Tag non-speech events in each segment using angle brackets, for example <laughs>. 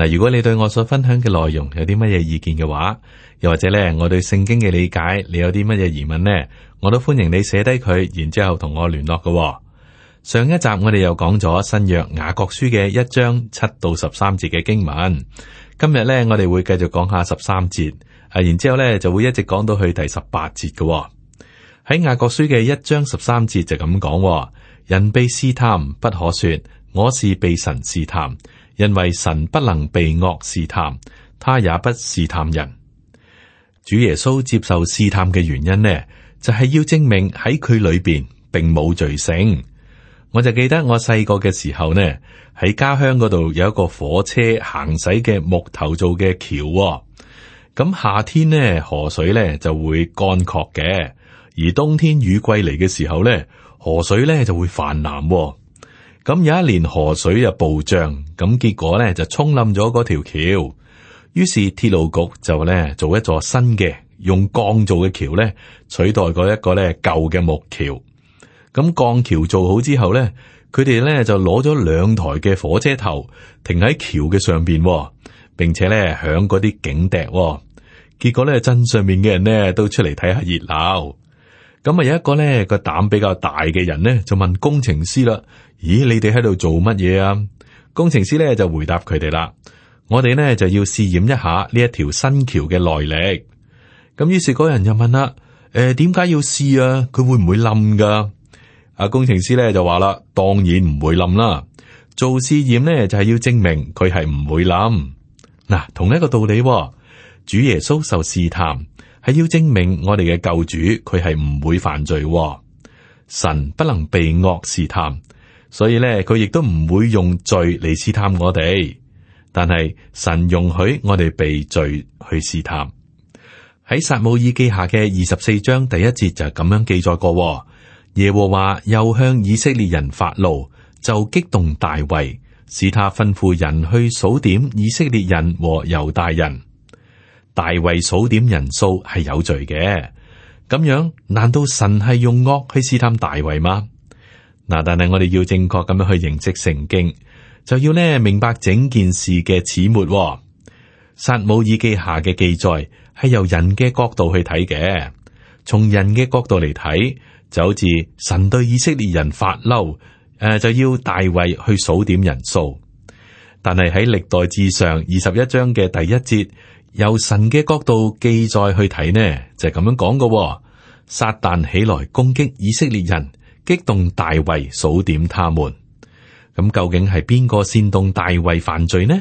嗱，如果你對我所分享嘅內容有啲乜嘢意見嘅話，又或者咧，我對聖經嘅理解，你有啲乜嘢疑問呢？我都歡迎你寫低佢，然之後同我聯絡嘅哦。上一集我哋又講咗新約雅各書嘅一章七到十三節嘅經文，今日咧，我哋會繼續講下十三節，啊，然之後咧，就會一直講到去第十八節嘅哦。喺雅各書嘅一章十三節就咁講，人被試探，不可說我是被神試探。因為神不能被惡試探，他也不試探人。主耶穌接受試探嘅原因呢，就係、是、要證明喺佢裏邊並冇罪性。我就記得我細個嘅時候呢，喺家鄉嗰度有一個火車行駛嘅木頭做嘅橋。咁夏天呢，河水呢就會乾涸嘅，而冬天雨季嚟嘅時候呢，河水呢就會泛濫。咁有一年河水又暴漲，咁結果咧就沖冧咗嗰條橋，於是鐵路局就咧做一座新嘅用鋼做嘅橋咧取代嗰一個咧舊嘅木橋。咁鋼橋做好之後咧，佢哋咧就攞咗兩台嘅火車頭停喺橋嘅上邊，並且咧響嗰啲警笛。結果咧鎮上面嘅人咧都出嚟睇下熱鬧。咁啊，有一個咧個膽比較大嘅人咧，就問工程師啦：咦，你哋喺度做乜嘢啊？工程師咧就回答佢哋啦：我哋咧就要試驗一下呢一條新橋嘅耐力。咁於是嗰人就問啦：誒、欸，點解要試啊？佢會唔會冧噶？阿工程師咧就話啦：當然唔會冧啦。做試驗咧就係、是、要證明佢係唔會冧。嗱、啊，同一個道理、哦，主耶穌受試探。係要證明我哋嘅救主佢係唔會犯罪，哦，神不能被惡試探，所以咧佢亦都唔會用罪嚟試探我哋。但係神容許我哋被罪去試探。喺撒母耳記下嘅二十四章第一節就咁樣記載過，哦：耶和華又向以色列人發怒，就激動大衛，使他吩咐人去數點以色列人和猶大人。大衛數點人數係有罪嘅，咁樣難道神係用惡去試探大衛嗎？嗱，但係我哋要正確咁樣去認識聖經，就要呢明白整件事嘅始末、哦。撒母耳記下嘅記載係由人嘅角度去睇嘅，從人嘅角度嚟睇就好似神對以色列人發嬲，誒、呃、就要大衛去數點人數。但係喺歷代志上二十一章嘅第一節。由神嘅角度記載去睇呢，就係咁樣講嘅喎。撒旦起來攻擊以色列人，激動大衛數點他們。咁究竟係邊個煽動大衛犯罪呢？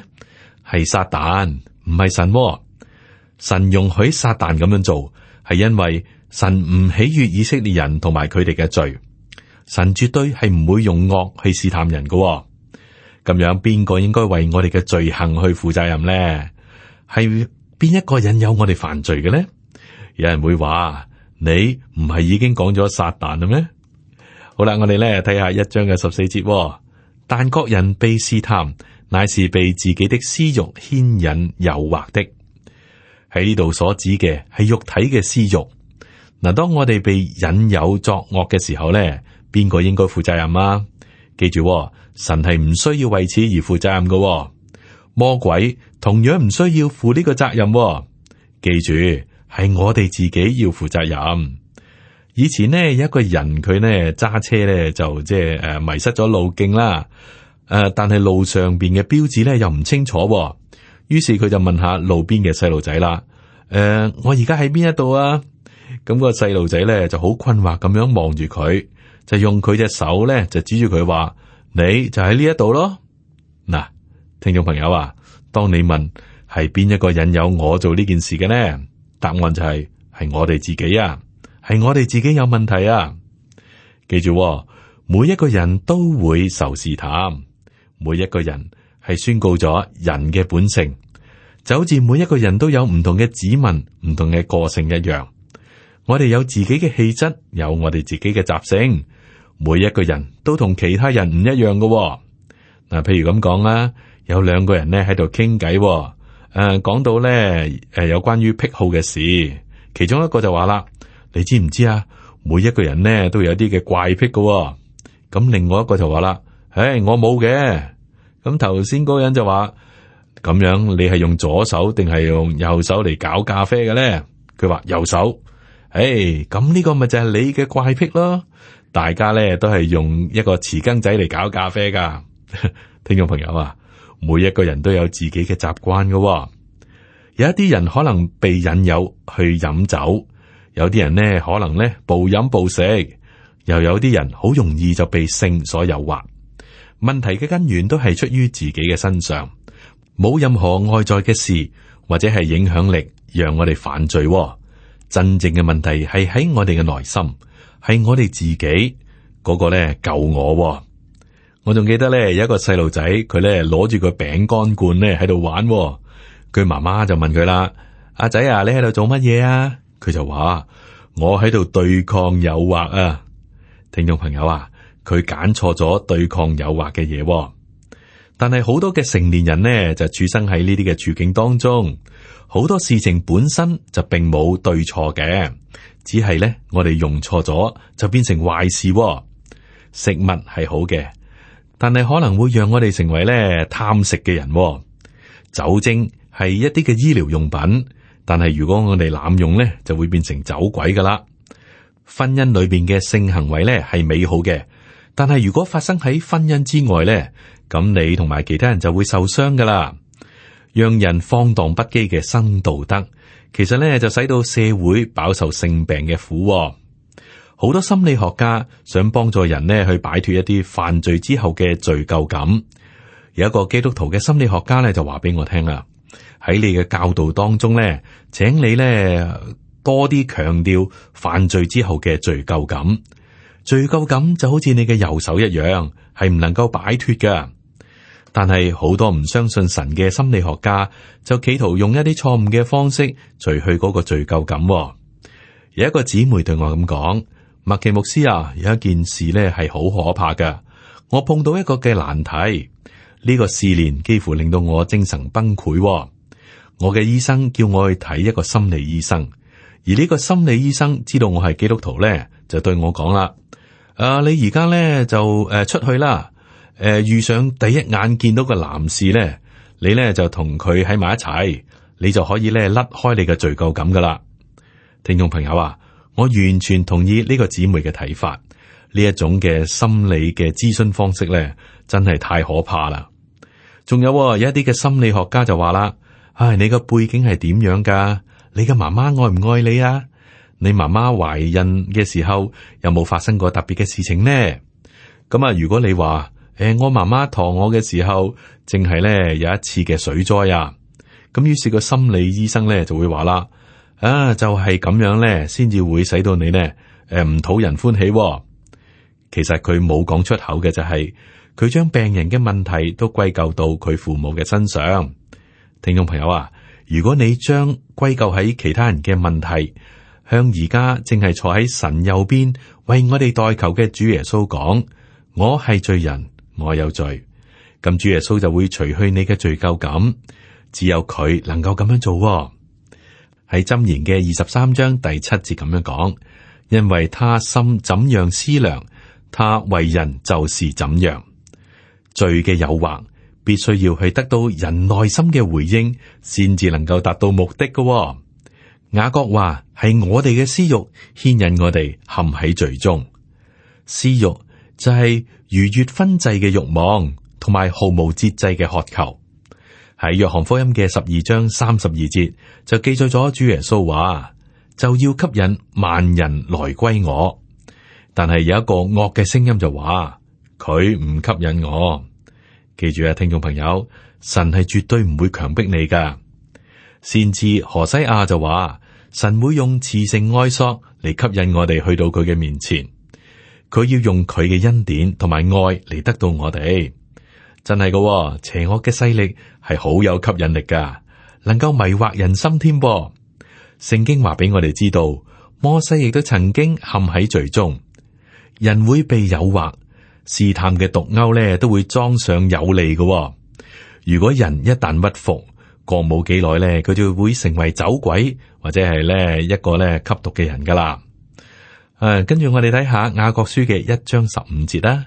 係撒旦，唔係神喎。神容許撒旦咁樣做，係因為神唔喜悅以色列人同埋佢哋嘅罪。神絕對係唔會用惡去試探人嘅喎。咁樣邊個應該為我哋嘅罪行去負責任呢？係。邊一個引誘我哋犯罪嘅咧？有人會話：你唔係已經講咗撒旦啦咩？好啦，我哋咧睇下一章嘅十四節。但各人被試探，乃是被自己的私欲牽引誘惑的。喺呢度所指嘅係肉體嘅私欲。嗱，當我哋被引誘作惡嘅時候咧，邊個應該負責任啊？記住，神係唔需要為此而負責任嘅。魔鬼同樣唔需要負呢個責任，哦，記住係我哋自己要負責任。以前呢有一個人佢呢揸車呢就即係誒迷失咗路徑啦，誒、啊、但係路上邊嘅標誌呢又唔清楚，哦，於是佢就問下路邊嘅細路仔啦，誒我而家喺邊一度啊？咁，啊啊那個細路仔呢就好困惑咁樣望住佢，就用佢隻手呢就指住佢話你就喺呢一度咯，嗱，啊。聽眾朋友啊，當你問係邊一個引誘我做呢件事嘅呢？答案就係、是、係我哋自己啊，係我哋自己有問題啊。記住、哦，每一個人都會受試探，每一個人係宣告咗人嘅本性，就好似每一個人都有唔同嘅指紋、唔同嘅個性一樣。我哋有自己嘅氣質，有我哋自己嘅習性，每一個人都同其他人唔一樣嘅。嗱，譬如咁講啦。有兩個人咧喺度傾偈誒，講、呃、到咧誒，有、呃、關於癖好嘅事。其中一個就話啦，你知唔知啊？每一個人咧都有啲嘅怪癖噶、哦。咁另外一個就話啦，誒、哎，我冇嘅。咁頭先嗰個人就話咁樣，你係用左手定係用右手嚟搞咖啡嘅咧？佢話右手，誒、哎，咁呢個咪就係你嘅怪癖咯。大家咧都係用一個匙羹仔嚟搞咖啡噶， <laughs> 聽眾朋友啊。每一個人都有自己嘅習慣噶，有一啲人可能被引誘去飲酒，有啲人呢可能呢暴飲暴食，又有啲人好容易就被性所誘惑。問題嘅根源都係出於自己嘅身上，冇任何外在嘅事或者係影響力讓我哋犯罪喎。真正嘅問題係喺我哋嘅內心，係我哋自己嗰個咧救我喎。我仲記得咧，有一個細路仔，佢咧攞住個餅乾罐咧喺度玩，哦。佢媽媽就問佢啦：阿、啊、仔啊，你喺度做乜嘢啊？佢就話：我喺度對抗誘惑啊。聽眾朋友啊，佢揀錯咗對抗誘惑嘅嘢，哦。但係好多嘅成年人呢，就處身喺呢啲嘅處境當中，好多事情本身就並冇對錯嘅，只係咧我哋用錯咗就變成壞事，哦。食物係好嘅。但係可能會讓我哋成為咧貪食嘅人、哦。酒精係一啲嘅醫療用品，但係如果我哋濫用咧，就會變成酒鬼噶啦。婚姻裏邊嘅性行為咧係美好嘅，但係如果發生喺婚姻之外咧，咁你同埋其他人就會受傷噶啦。讓人放蕩不羈嘅新道德，其實咧就使到社會飽受性病嘅苦、哦。好多心理學家想幫助人咧去擺脫一啲犯罪之後嘅罪疚感。有一個基督徒嘅心理學家咧就話俾我聽啦：喺你嘅教導當中呢，請你呢多啲強調犯罪之後嘅罪疚感。罪疚感就好似你嘅右手一樣，係唔能夠擺脫噶。但係好多唔相信神嘅心理學家就企圖用一啲錯誤嘅方式除去嗰個罪疚感。有一個姊妹對我咁講。麥基牧師啊，有一件事咧係好可怕嘅。我碰到一個嘅難題，呢、這個試煉幾乎令到我精神崩潰、哦。我嘅醫生叫我去睇一個心理醫生，而呢個心理醫生知道我係基督徒咧，就對我講啦：，啊，你而家咧就誒、呃、出去啦，誒、呃、遇上第一眼見到個男士咧，你咧就同佢喺埋一齊，你就可以咧甩開你嘅罪疚感噶啦。聽眾朋友啊！我完全同意呢個姊妹嘅睇法，呢一種嘅心理嘅諮詢方式咧，真係太可怕啦！仲有、哦、有一啲嘅心理學家就話啦：，唉、哎，你個背景係點樣噶？你嘅媽媽愛唔愛你啊？你媽媽懷孕嘅時候有冇發生過特別嘅事情呢？咁、嗯、啊，如果你話誒、哎，我媽媽陀我嘅時候，正係咧有一次嘅水災啊！咁、嗯、於是個心理醫生咧就會話啦。啊，就係、是、咁樣咧，先至會使到你咧，誒唔討人歡喜。其實佢冇講出口嘅就係，佢將病人嘅問題都歸咎到佢父母嘅身上。聽眾朋友啊，如果你將歸咎喺其他人嘅問題，向而家正係坐喺神右邊為我哋代求嘅主耶穌講，我係罪人，我有罪，咁主耶穌就會除去你嘅罪疚感。只有佢能夠咁樣做。喺《箴言》嘅二十三章第七節咁樣講，因為他心怎樣思量，他為人就是怎樣。罪嘅誘惑必須要去得到人內心嘅回應，先至能夠達到目的嘅。雅各話：係我哋嘅私欲牽引我哋陷喺罪中。私欲就係、是、如月分制嘅欲望，同埋毫無節制嘅渴求。喺約翰福音嘅十二章三十二節就記載咗主耶穌話：，就要吸引萬人來歸我。但係有一個惡嘅聲音就話：，佢唔吸引我。記住啊，聽眾朋友，神係絕對唔會強迫你噶。先至何西阿就話：，神會用慈繩愛索嚟吸引我哋去到佢嘅面前。佢要用佢嘅恩典同埋愛嚟得到我哋。真係噶，邪惡嘅勢力係好有吸引力噶，能夠迷惑人心添噃。聖經話俾我哋知道，摩西亦都曾經陷喺罪中，人會被誘惑，試探嘅毒鈎咧都會裝上有利嘅。如果人一旦屈服，過冇幾耐咧，佢就會成為走鬼，或者係咧一個咧吸毒嘅人噶啦。誒、啊，跟住我哋睇下雅各書嘅一章十五節啦。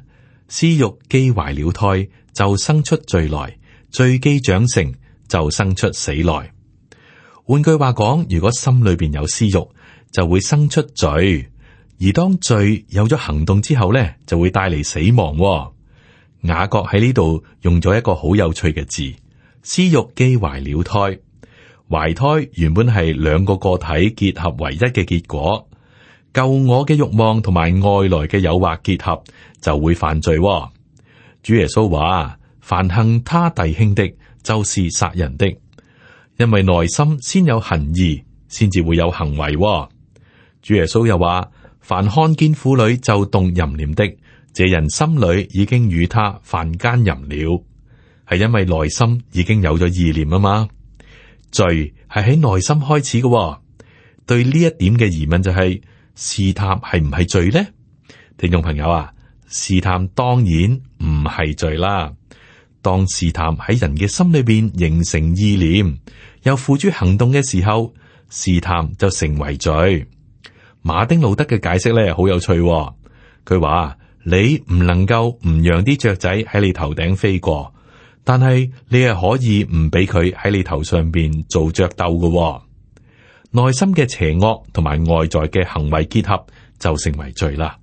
私欲既懷了胎，就生出罪來；罪既長成，就生出死來。換句話講，如果心裏邊有私欲，就會生出罪；而當罪有咗行動之後呢，就會帶嚟死亡，哦。雅各喺呢度用咗一個好有趣嘅字：私欲既懷了胎，懷胎原本係兩個個體結合唯一嘅結果。舊我嘅欲望同埋外來嘅誘惑結合。就會犯罪哦。主耶穌話，凡恨他弟兄的，就是殺人的，因為內心先有恨意，先至會有行為哦。主耶穌又話，凡看見婦女就動淫念的，這人心裡已經與他犯奸淫了，係因為內心已經有咗意念啊嘛。罪係喺內心開始嘅哦。對呢一點嘅疑問就係：試探係唔係罪呢？聽眾朋友啊。試探當然唔係罪啦，當試探喺人嘅心裏邊形成意念，又付諸行動嘅時候，試探就成為罪。馬丁路德嘅解釋咧，好有趣、哦。佢話：你唔能夠唔讓啲雀仔喺你頭頂飛過，但係你係可以唔俾佢喺你頭上邊做雀斗嘅、哦。內心嘅邪惡同埋外在嘅行為結合，就成為罪啦。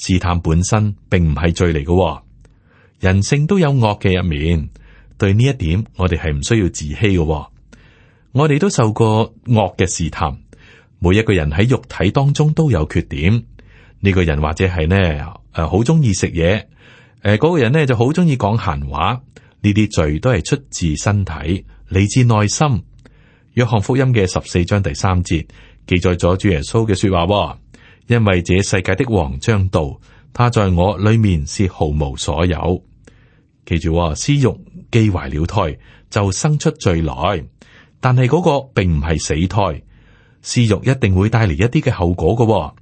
試探本身並唔係罪嚟㗎喎，人性都有惡嘅一面。對呢一點，我哋係唔需要自欺㗎喎。我哋都受過惡嘅試探。每一個人喺肉體當中都有缺點。呢、呢個人或者係呢，誒，好中意食嘢。誒嗰、呃嗰個人呢就好中意講閒話。呢啲罪都係出自身體、來自內心。約翰福音嘅十四章第三節記載咗主耶穌嘅說話喎。因為這世界的王將到，他在我裏面是毫無所有。記住、哦，私欲既懷了胎，就生出罪來。但係嗰個並唔係死胎，私欲一定會帶嚟一啲嘅後果、哦。噶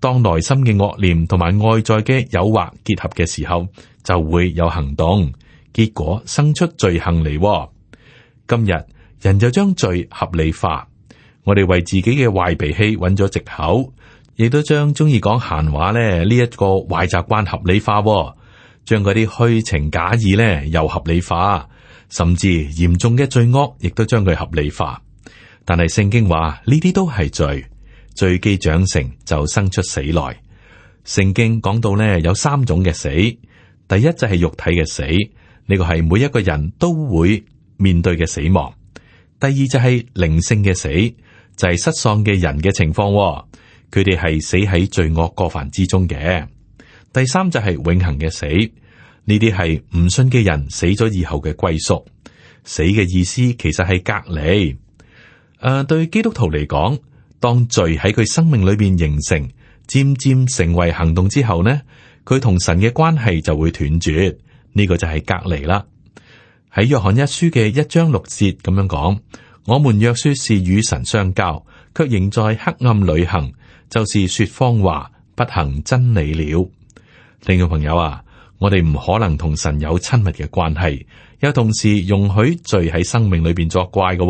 當內心嘅惡念同埋外在嘅誘惑結合嘅時候，就會有行動，結果生出罪行嚟、哦。今日人就將罪合理化，我哋為自己嘅壞脾氣揾咗藉口。亦都將中意講閒話咧呢一個壞習慣合理化，將嗰啲虛情假意咧又合理化，甚至嚴重嘅罪惡亦都將佢合理化。但係聖經話呢啲都係罪，罪既長成就生出死來。聖經講到咧有三種嘅死，第一就係肉體嘅死，呢個係每一個人都會面對嘅死亡；第二就係靈性嘅死，就係、是、失喪嘅人嘅情況。佢哋係死喺罪惡過犯之中嘅。第三就係永恒嘅死，呢啲係唔信嘅人死咗以後嘅歸宿。死嘅意思其實係隔離。誒、呃，對基督徒嚟講，當罪喺佢生命裏邊形成，漸漸成為行動之後呢，佢同神嘅關係就會斷絕。呢、呢個就係隔離啦。喺約翰一書嘅一章六節咁樣講：我們若說是與神相交，卻仍在黑暗旅行。就是說謊話，不行真理了。另外朋友啊，我哋唔可能同神有親密嘅關係，又同時容許罪喺生命裏邊作怪嘅。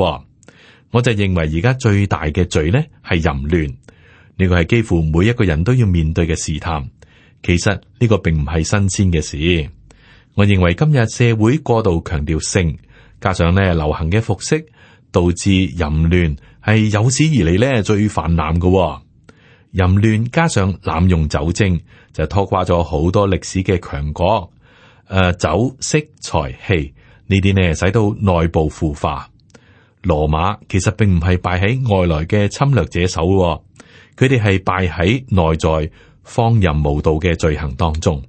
我就認為而家最大嘅罪呢係淫亂，呢個係幾乎每一個人都要面對嘅試探。其實呢個並唔係新鮮嘅事。我認為今日社會過度強調性，加上呢流行嘅服飾，導致淫亂係有史以嚟呢最泛濫嘅。淫亂加上濫用酒精，就拖垮咗好多歷史嘅強國。誒、呃，酒色財氣呢啲呢，使到內部腐化。羅馬其實並唔係敗喺外來嘅侵略者手、哦，佢哋係敗喺內在荒淫無道嘅罪行當中。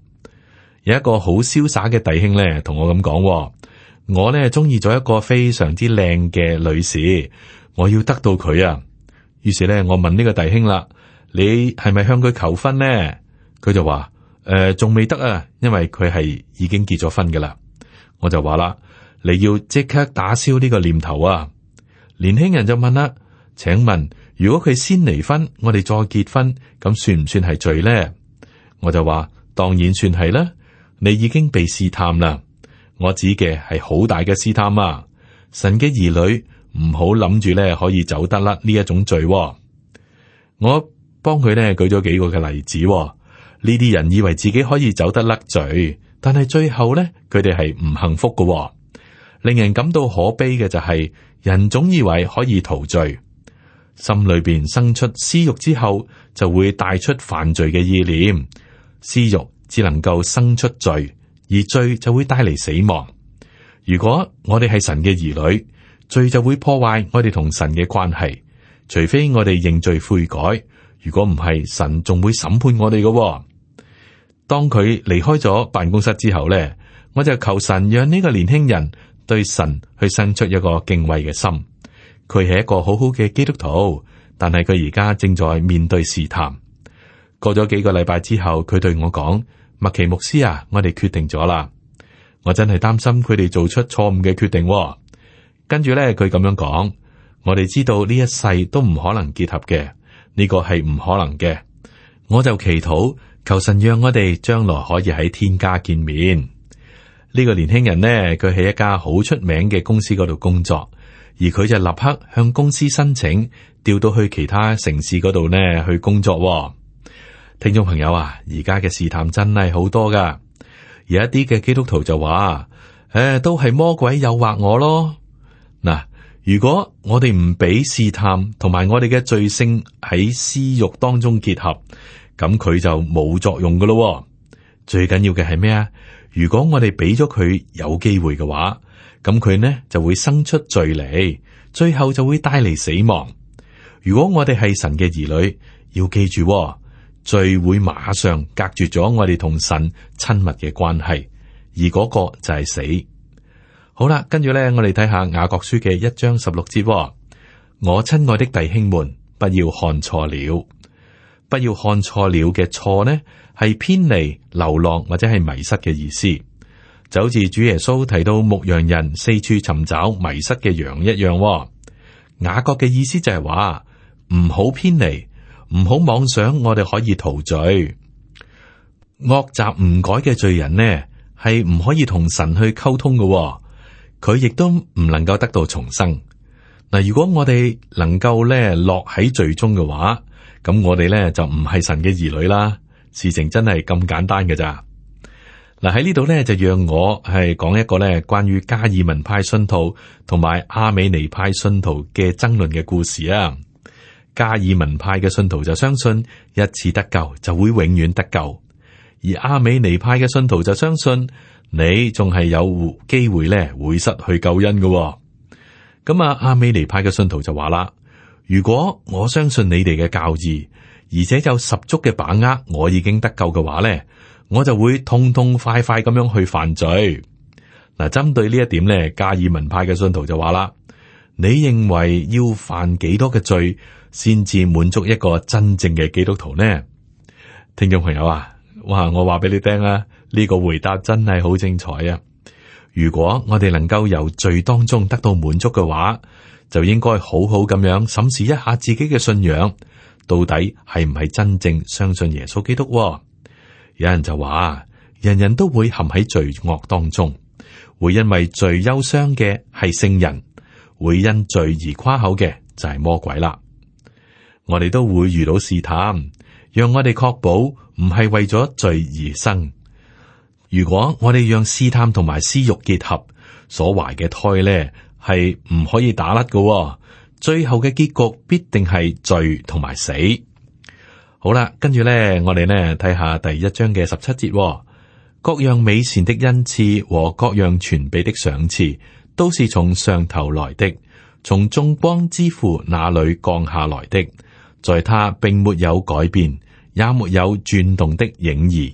有一個好瀟灑嘅弟兄咧，同我咁講、哦，我咧中意咗一個非常之靚嘅女士，我要得到佢啊。於是咧，我問呢個弟兄啦。你係咪向佢求婚呢？佢就話：誒、呃，仲未得啊，因為佢係已經結咗婚噶啦。我就話啦：你要即刻打消呢個念頭啊！年輕人就問啦：請問，如果佢先離婚，我哋再結婚，咁算唔算係罪呢？我就話：當然算係啦。你已經被試探啦，我指嘅係好大嘅試探啊！神嘅兒女唔好諗住咧可以走得甩呢一種罪、啊。我。幫佢咧舉咗幾個嘅例子、哦，呢啲人以為自己可以走得甩罪，但係最後咧佢哋係唔幸福噶、哦。令人感到可悲嘅就係、是、人總以為可以逃罪，心裏邊生出私欲之後，就會帶出犯罪嘅意念。私欲只能夠生出罪，而罪就會帶嚟死亡。如果我哋係神嘅兒女，罪就會破壞我哋同神嘅關係，除非我哋認罪悔改。如果唔係，神仲會審判我哋嘅哦，當佢離開咗辦公室之後咧，我就求神讓呢個年輕人對神去伸出一個敬畏嘅心。佢係一個好好嘅基督徒，但係佢而家正在面對試探。過咗幾個禮拜之後，佢對我講：麥奇牧師啊，我哋決定咗啦。我真係擔心佢哋做出錯誤嘅決定哦。跟住咧，佢咁樣講，我哋知道呢一世都唔可能結合嘅。呢個係唔可能嘅，我就祈禱求,求神讓我哋將來可以喺天家見面。呢、這個年輕人呢，佢喺一家好出名嘅公司嗰度工作，而佢就立刻向公司申請調到去其他城市嗰度呢去工作。聽眾朋友啊，而家嘅試探真係好多㗎，有一啲嘅基督徒就話：，誒、哎，都係魔鬼誘惑我咯。嗱。如果我哋唔俾試探，同埋我哋嘅罪性喺私欲當中結合，咁佢就冇作用噶咯。最緊要嘅係咩啊？如果我哋俾咗佢有機會嘅話，咁佢呢就會生出罪嚟，最後就會帶嚟死亡。如果我哋係神嘅兒女，要記住罪會馬上隔絕咗我哋同神親密嘅關係，而嗰個就係死。好啦，跟住咧，我哋睇下雅各書嘅一章十六節，哦。我親愛的弟兄們，不要看錯了，不要看錯了嘅錯呢，係偏離、流浪或者係迷失嘅意思。就好似主耶穌提到牧羊人四處尋找迷失嘅羊一樣，哦。雅各嘅意思就係話唔好偏離，唔好妄想我哋可以逃罪，惡習唔改嘅罪人呢，係唔可以同神去溝通嘅，哦。佢亦都唔能夠得到重生。嗱，如果我哋能夠咧落喺最終嘅話，咁我哋咧就唔係神嘅兒女啦。事情真係咁簡單嘅咋？嗱，喺呢度咧就讓我係講一個咧關於加爾文派信徒同埋阿美尼派信徒嘅爭論嘅故事啊。加爾文派嘅信徒就相信一次得救就會永遠得救。而阿美尼派嘅信徒就相信你仲係有機會咧，會失去救恩嘅哦。咁啊，阿美尼派嘅信徒就話啦，如果我相信你哋嘅教義，而且有十足嘅把握我已經得救嘅話咧，我就會痛痛快快咁樣去犯罪。嗱，針對呢一點咧，加爾文派嘅信徒就話啦，你認為要犯幾多嘅罪先至滿足一個真正嘅基督徒呢？聽眾朋友啊。哇！我話俾你聽啦，呢個回答真係好精彩啊！如果我哋能夠由罪當中得到滿足嘅話，就應該好好咁樣審視一下自己嘅信仰，到底係唔係真正相信耶穌基督？有人就話，人人都會陷喺罪惡當中，會因為罪憂傷嘅係聖人，會因罪而誇口嘅就係魔鬼啦。我哋都會遇到試探。讓我哋確保唔係為咗罪而生。如果我哋讓試探同埋私欲結合，所懷嘅胎呢，係唔可以打甩嘅、哦。最後嘅結局必定係罪同埋死。好啦，跟住呢，我哋呢睇下第一章嘅十七節、哦。各樣美善的恩賜和各樣全備的賞賜，都是從上頭來的，從眾光之父那裏降下來的。在他並沒有改變，也沒有轉動的影兒。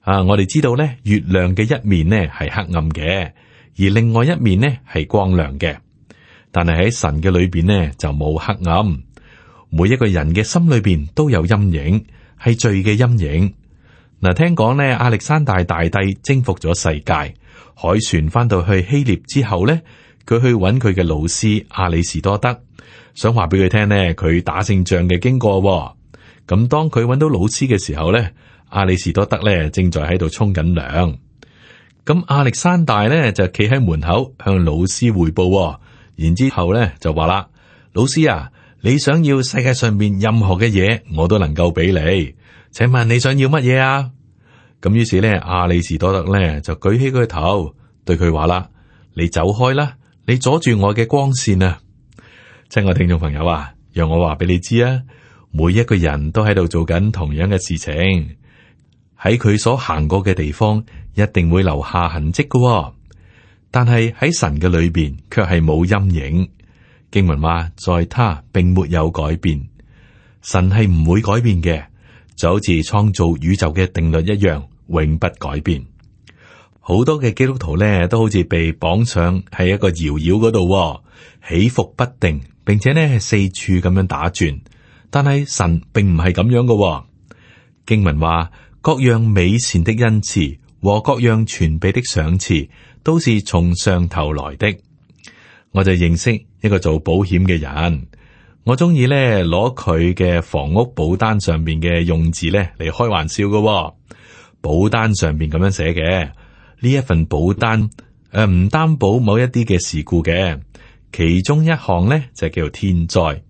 啊，我哋知道咧，月亮嘅一面咧係黑暗嘅，而另外一面咧係光亮嘅。但係喺神嘅裏邊咧就冇黑暗。每一個人嘅心裏邊都有陰影，係罪嘅陰影。嗱，啊，聽講咧，亞歷山大大帝征服咗世界，海船翻到去希臘之後咧，佢去揾佢嘅老師亞里士多德。想話俾佢聽咧，佢打勝仗嘅經過。咁當佢揾到老師嘅時候咧，亞里士多德咧正在喺度沖緊涼。咁亞歷山大咧就企喺門口向老師匯報。然之後咧就話啦：老師啊，你想要世界上面任何嘅嘢，我都能夠俾你。請問你想要乜嘢啊？咁於是咧，亞里士多德咧就舉起個頭對佢話啦：你走開啦，你阻住我嘅光線啊！親愛聽眾朋友啊，讓我話俾你知啊，每一個人都喺度做緊同樣嘅事情，喺佢所行過嘅地方，一定會留下痕跡嘅，哦。但係喺神嘅裏邊，卻係冇陰影。經文話，在他並沒有改變，神係唔會改變嘅，就好似創造宇宙嘅定律一樣，永不改變。好多嘅基督徒咧，都好似被綁上喺一個搖搖嗰度，起伏不定。並且呢係四處咁樣打轉，但係神並唔係咁樣嘅。經文話，各樣美善的恩賜和各樣全備的賞賜，都是從上頭來的。我就認識一個做保險嘅人，我中意呢攞佢嘅房屋保單上面嘅用字呢嚟開玩笑嘅。保單上面咁樣寫嘅，呢一份保單誒唔擔保某一啲嘅事故嘅。其中一項咧就叫天災，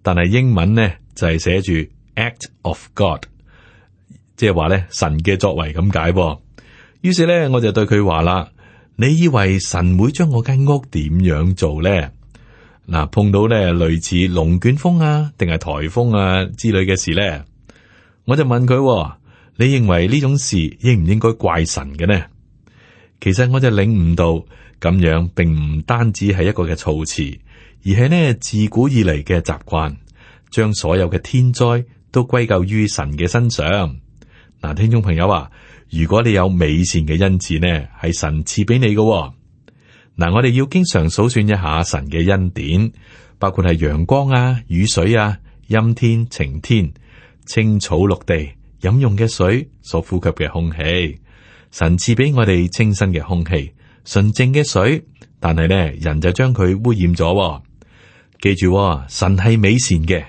但係英文咧就係寫住 act of God，即係話咧神嘅作為咁解。於是咧我就對佢話啦，你以為神會將我間屋點樣做咧？嗱，碰到咧類似龍捲風啊，定係台風啊之類嘅事咧，我就問佢，你認為呢種事應唔應該怪神嘅呢？」其實我就領悟到，咁樣並唔單止係一個嘅措辭，而係呢自古以嚟嘅習慣，將所有嘅天災都歸咎於神嘅身上。嗱、啊，聽眾朋友啊，如果你有美善嘅恩賜呢，係神賜俾你噶、哦。嗱、啊，我哋要經常數算一下神嘅恩典，包括係陽光啊、雨水啊、陰天、晴天、青草綠地、飲用嘅水、所呼吸嘅空氣。神賜俾我哋清新嘅空氣、純淨嘅水，但係咧人就將佢污染咗喎。記住喎，神係美善嘅，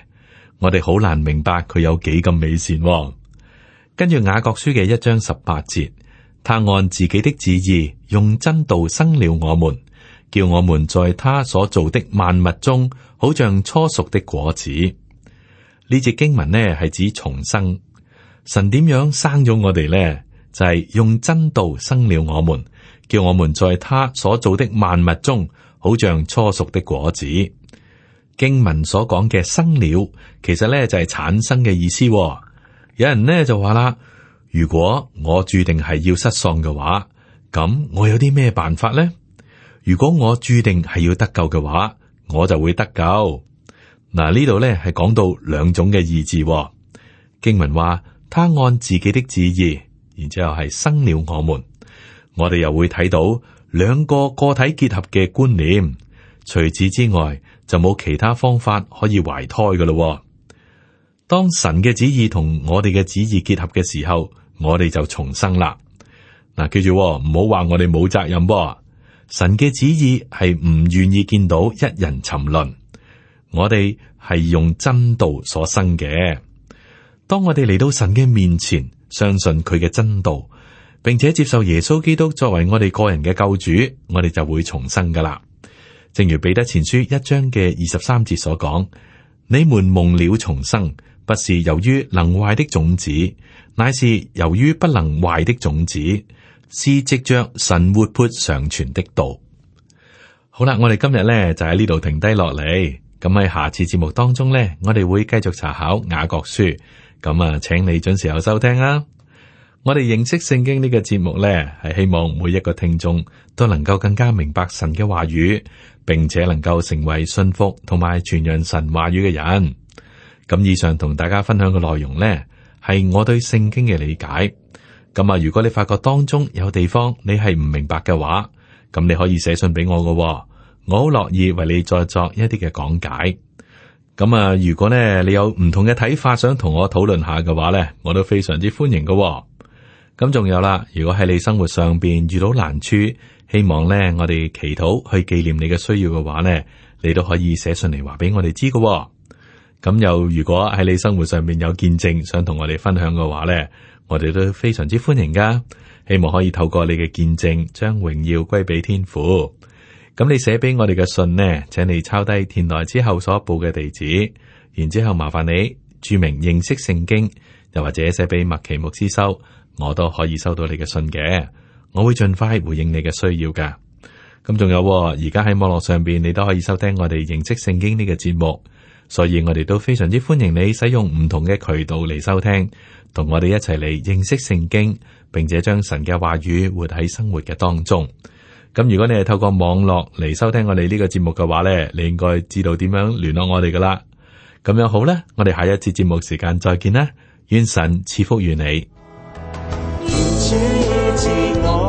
我哋好難明白佢有幾咁美善喎。跟住雅各書嘅一章十八節，他按自己的旨意用真道生了我們，叫我們在他所造的萬物中，好像初熟的果子。呢隻經文呢係指重生，神點樣生咗我哋呢？就係用真道生了我們，叫我們在他所做的萬物中，好像初熟的果子。經文所講嘅生了，其實咧就係產生嘅意思、哦。有人咧就話啦：如果我注定係要失喪嘅話，咁我有啲咩辦法咧？如果我注定係要得救嘅話，我就會得救。嗱、啊，呢度咧係講到兩種嘅意志、哦。經文話：他按自己的旨意。然之後係生了我們，我哋又會睇到兩個個體結合嘅觀念。除此之外，就冇其他方法可以懷胎嘅咯。當神嘅旨意同我哋嘅旨意結合嘅時候，我哋就重生啦。嗱，記住唔好話我哋冇責任。神嘅旨意係唔願意見到一人沉淪。我哋係用真道所生嘅。當我哋嚟到神嘅面前。相信佢嘅真道，並且接受耶穌基督作為我哋個人嘅救主，我哋就會重生噶啦。正如彼得前書一章嘅二十三節所講：你們蒙了重生，不是由於能壞的種子，乃是由於不能壞的種子，是藉着神活潑常存的道。好啦，我哋今日咧就喺呢度停低落嚟。咁喺下次節目當中咧，我哋會繼續查考雅各書。咁啊，請你準時有收聽啊。我哋認識聖經呢個節目呢，係希望每一個聽眾都能夠更加明白神嘅話語，並且能夠成為信服同埋傳揚神話語嘅人。咁以上同大家分享嘅內容呢，係我對聖經嘅理解。咁啊，如果你發覺當中有地方你係唔明白嘅話，咁你可以寫信俾我嘅，我好樂意為你再作一啲嘅講解。咁啊，如果咧你有唔同嘅睇法，想同我討論下嘅話咧，我都非常之歡迎嘅喎。咁仲有啦，如果喺你生活上邊遇到難處，希望咧我哋祈禱去紀念你嘅需要嘅話咧，你都可以寫信嚟話俾我哋知噶。咁又如果喺你生活上面有見證，想同我哋分享嘅話咧，我哋都非常之歡迎噶。希望可以透過你嘅見證，將榮耀歸俾天父。咁你寫俾我哋嘅信呢，請你抄低填來之後所報嘅地址，然之後麻煩你注明認識聖經，又或者寫俾麥其木之收，我都可以收到你嘅信嘅，我會盡快回應你嘅需要噶。咁仲有，而家喺網絡上邊，你都可以收聽我哋認識聖經呢個節目，所以我哋都非常之歡迎你使用唔同嘅渠道嚟收聽，同我哋一齊嚟認識聖經，並且將神嘅話語活喺生活嘅當中。咁如果你係透過網絡嚟收聽我哋呢個節目嘅話咧，你應該知道點樣聯絡我哋噶啦。咁樣好咧，我哋下一節節目時間再見啦，願神賜福於你。 <music>